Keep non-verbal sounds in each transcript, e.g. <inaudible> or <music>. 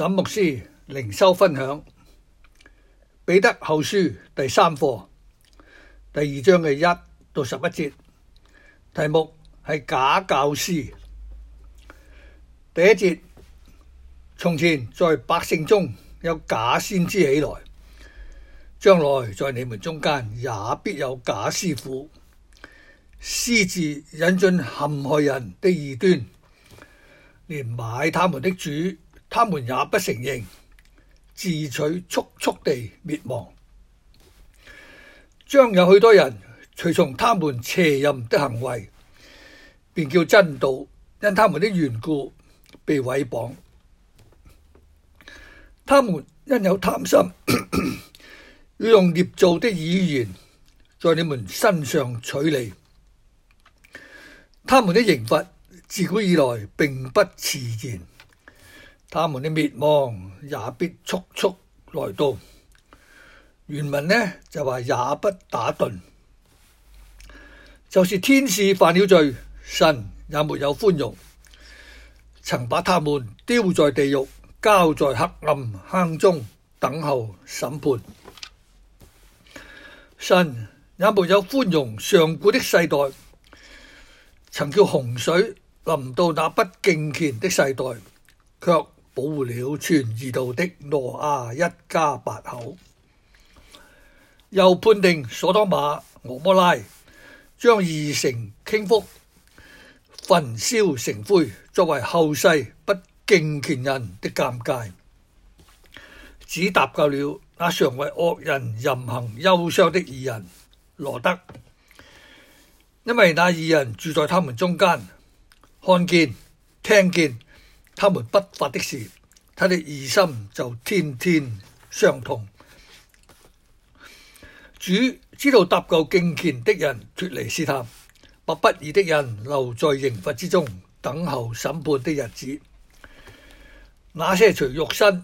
沈牧師靈修分享《彼得後書》第三課第二章嘅一到十一節，題目係假教師。第一節：從前在百姓中有假先知起來，將來在你們中間也必有假師傅，私自引進陷害人的異端，連買他們的主。他們也不承認，自取速速地滅亡。將有許多人隨從他們邪淫的行為，便叫真道因他們的緣故被毀謗。他們因有貪心， <coughs> 要用捏造的語言在你們身上取利。他們的刑罰自古以來並不遲然遲延。他們的滅亡也必速速來到。原文呢就話也不打盹，就是天使犯了罪，神也沒有寬容，曾把他們丟在地獄，交在黑暗坑中等候審判。神也沒有寬容上古的世代，曾叫洪水臨到那不敬虔的世代，卻保護了全義道的挪亞一家八口，又判定所多瑪、蛾摩拉將二城傾覆、焚燒成灰，作為後世不敬虔人的鑑戒，只搭救了那常為惡人淫行憂傷的義人羅得，因為那義人住在他們中間，看見、聽見。他們不法的事，他的義心就天天傷痛。主知道搭救敬虔的人脫離試探，把不義的人留在刑罰之中，等候審判的日子。那些隨肉身、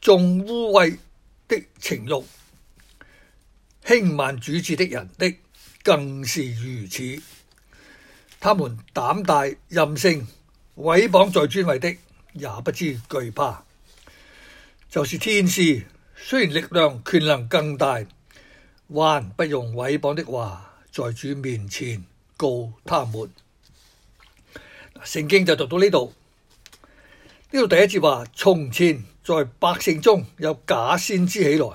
縱污穢的情欲、輕慢主治的人的，更是如此。他們膽大任性。毀謗在尊位的也不知懼怕，就是天使，雖然力量權能更大，還不用毀謗的話，在主面前告他們。聖經就讀到呢度，呢度第一節話：從前在百姓中有假先知起來，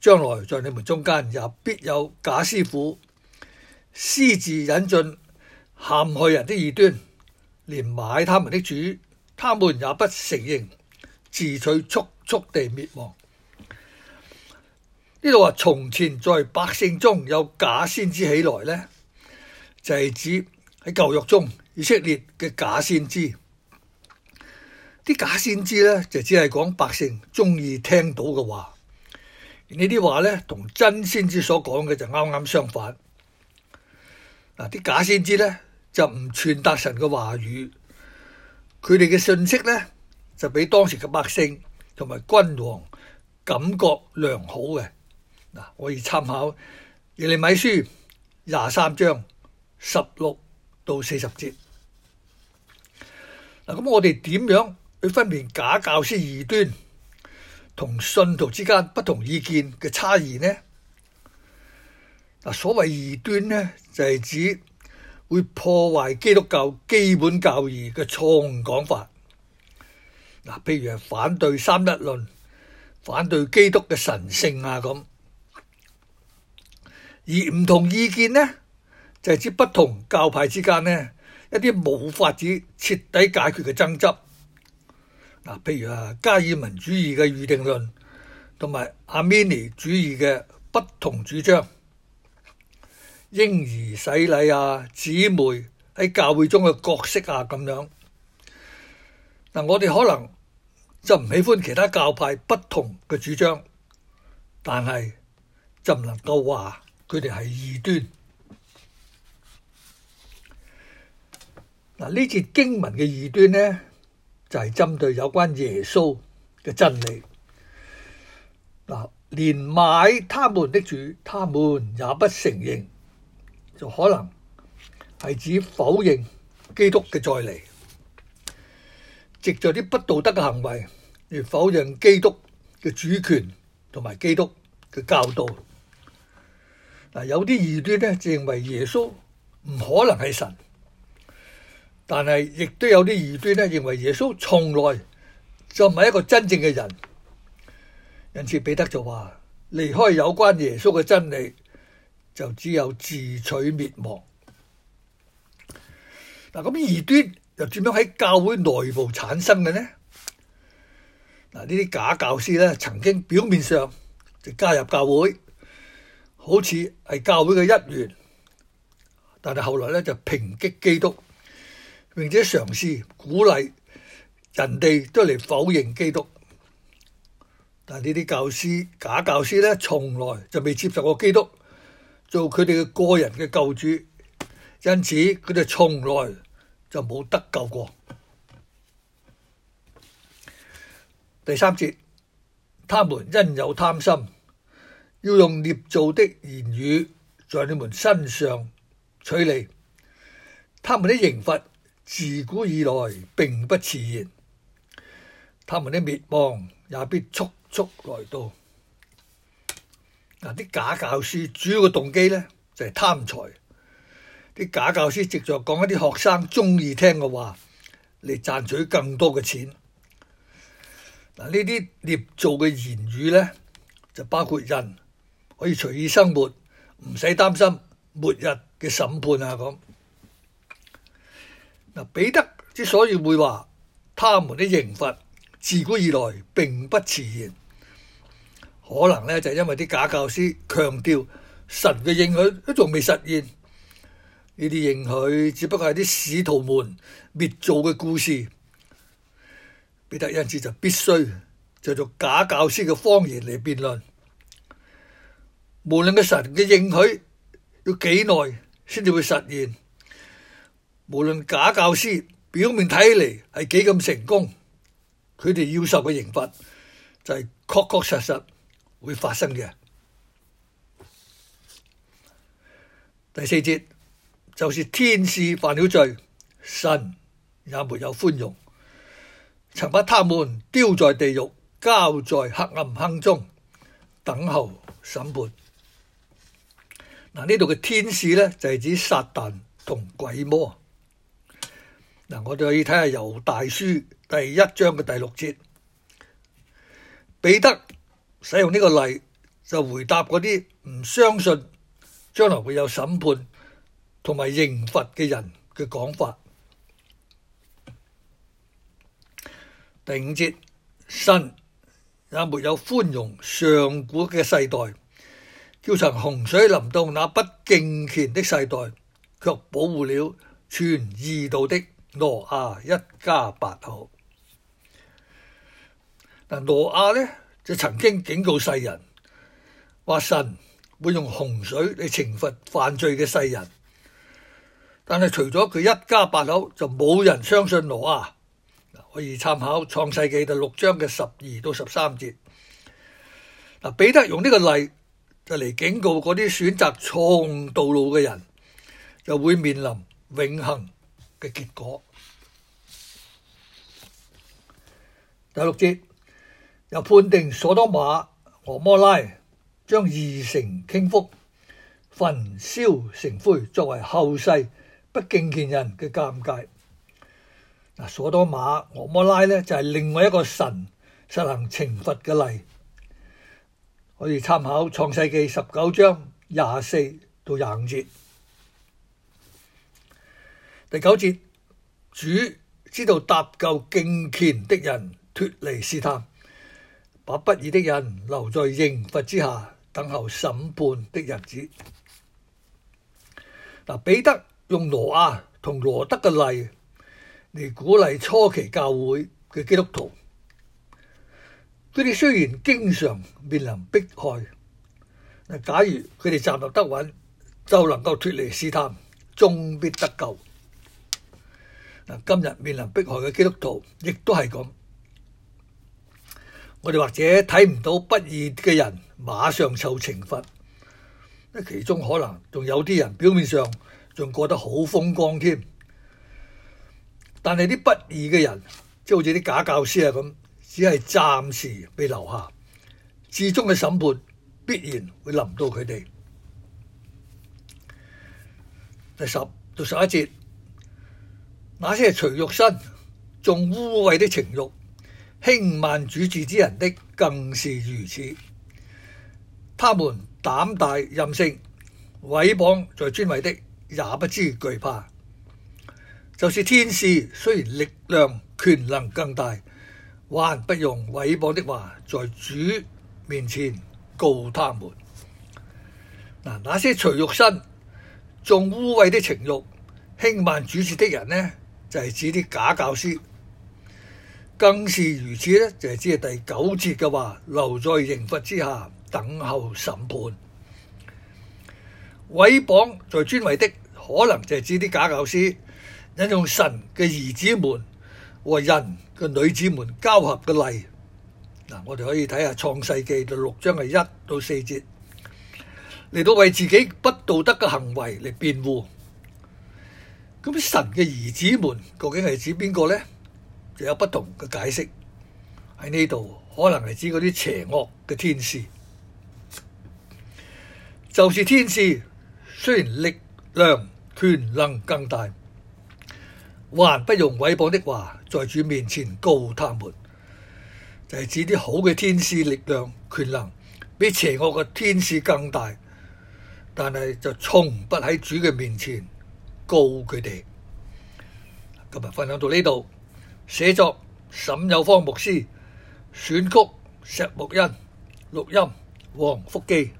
將來在你們中間也必有假師傅，私自引進陷害人的異端。連買他們的主，他們也不承認，自取速速地滅亡。呢度話，從前在百姓中有假先知起來呢，就係、是、指喺舊約中以色列嘅假先知。啲假、假先知呢，就只係講百姓中意聽到嘅話，而呢啲話呢，同真先知所講嘅就啱啱相反。嗱，啲假先知呢，就唔傳達神嘅話語，佢哋嘅信息呢，就俾當時嘅百姓同埋君王感覺良好嘅。嗱、啊，可以參考耶利米書廿三章十六到四十節。嗱、啊，咁我哋點樣去分辨假教師異端同信徒之間不同意見嘅差異呢？嗱、啊，所謂異端呢，就係、是、指。會破壞基督教基本教義嘅錯誤講法。嗱，譬如係反對三一論，反對基督嘅神聖啊咁。而唔同意見呢，就係指不同教派之間呢一啲冇法子徹底解決嘅爭執。嗱，譬如啊加爾文主義嘅預定論，同埋阿米尼主義嘅不同主張。嬰兒洗禮啊，姊妹喺教會中嘅角色啊，咁樣嗱、啊，我哋可能就唔喜歡其他教派不同嘅主張，但係就唔能夠話佢哋係異端嗱。呢、啊、節經文嘅異端呢，就係、是、針對有關耶穌嘅真理嗱、啊，連買他們的主，他們也不承認。就可能係指否認基督嘅再嚟，藉着啲不道德嘅行為而否認基督嘅主權同埋基督嘅教導。嗱，有啲異端呢就認為耶穌唔可能係神，但係亦都有啲異端呢認為耶穌從來就唔係一個真正嘅人。因此，彼得就話：離開有關耶穌嘅真理。就只有自取滅亡。嗱，咁異端又點樣喺教會內部產生嘅呢？嗱，呢啲假教師呢曾經表面上就加入教會，好似係教會嘅一員，但係後來呢就抨擊基督，並且嘗試鼓勵人哋都嚟否認基督。但呢啲教師、假教師呢從來就未接受過基督。做佢哋嘅個人嘅救主，因此佢哋從來就冇得救過。第三節，他們因有貪心，要用捏造的言語在你們身上取利。他們的刑罰自古以來並不遲延，他們的滅亡也必速速來到。啲假教師主要嘅動機呢，就係、是、貪財，啲假教師直著講一啲學生中意聽嘅話嚟賺取更多嘅錢。嗱，呢啲捏造嘅言語呢，就包括人可以隨意生活，唔使擔心末日嘅審判啊咁。嗱，彼得之所以會話他們的刑罰自古以來並不遲延。可能咧就因為啲假教師強調神嘅應許都仲未實現，呢啲應許只不過係啲使徒們滅造嘅故事。彼得因此就必須就做假教師嘅謊言嚟辯論，無論個神嘅應許要幾耐先至會實現，無論假教師表面睇嚟係幾咁成功，佢哋要受嘅刑罰就係確確實實。會發生嘅。第四節，就是天使犯了罪，神也沒有寬容，曾把他們丟在地獄，交在黑暗坑中等候審判。嗱、啊，呢度嘅天使呢，就係、是、指撒旦同鬼魔。嗱、啊，我哋可以睇下《猶大書》第一章嘅第六節，彼得。使用呢個例就回答嗰啲唔相信將來會有審判同埋刑罰嘅人嘅講法。第五節，神也沒有寬容上古嘅世代，叫曾洪水臨到那不敬虔的世代，卻保護了傳義道的挪亞一家八口。嗱，挪亞咧。就曾經警告世人，話神會用洪水嚟懲罰犯罪嘅世人，但係除咗佢一家八口就冇人相信挪亞，可以參考創世紀第六章嘅十二到十三節。嗱，彼得用呢個例就嚟警告嗰啲選擇錯誤道路嘅人，就會面臨永恆嘅結果。第六節。又判定所多瑪俄摩拉將二城傾覆，焚燒成灰，作為後世不敬虔人嘅鑒戒。嗱，所多瑪俄摩拉呢，就係、是、另外一個神實行懲罰嘅例。我哋參考創世記十九章廿四到廿五節。第九節，主知道搭救敬虔的人脫離試探。把不義的人留在刑罰之下，等候審判的日子。嗱，彼得用羅亞同羅德嘅例嚟鼓勵初期教會嘅基督徒。佢哋雖然經常面臨迫害，嗱，假如佢哋站立得穩，就能夠脫離試探，終必得救。嗱，今日面臨迫害嘅基督徒亦都係咁。我哋或者睇唔到不義嘅人馬上受懲罰。呢其中可能仲有啲人，表面上仲過得好風光添。但係啲不義嘅人，即好似啲假教師啊咁，只係暫時被留下，至終嘅審判必然會臨到佢哋。第十到十一節，那些隨肉身，仲污穢的情欲。輕慢主治之人的，更是如此，他們膽大任性，毀謗在尊位的也不知懼怕。就是天使，雖然力量權能更大，還不用毀謗的話，在主面前告他們。嗱，那些隨肉身、縱污穢的情慾、輕慢主治的人呢？就係、是、指啲假教師。更是如此呢，就係指係第九節嘅話，留在刑罰之下等候審判，毀謗在尊位的，可能就係指啲假教師，引用神嘅兒子們和人嘅女子們交合嘅例。嗱，我哋可以睇下創世紀嘅六章係一到四節，嚟到為自己不道德嘅行為嚟辯護。咁神嘅兒子們究竟係指邊個呢？就有不同嘅解釋喺呢度，可能係指嗰啲邪惡嘅天使。就是天使，雖然力量、權能更大，還不用毀謗的話，在主面前告他們，就係、是、指啲好嘅天使，力量、權能比邪惡嘅天使更大，但係就從不喺主嘅面前告佢哋。今日分享到呢度。寫作沈有方牧師，選曲石木欣，錄音王福記。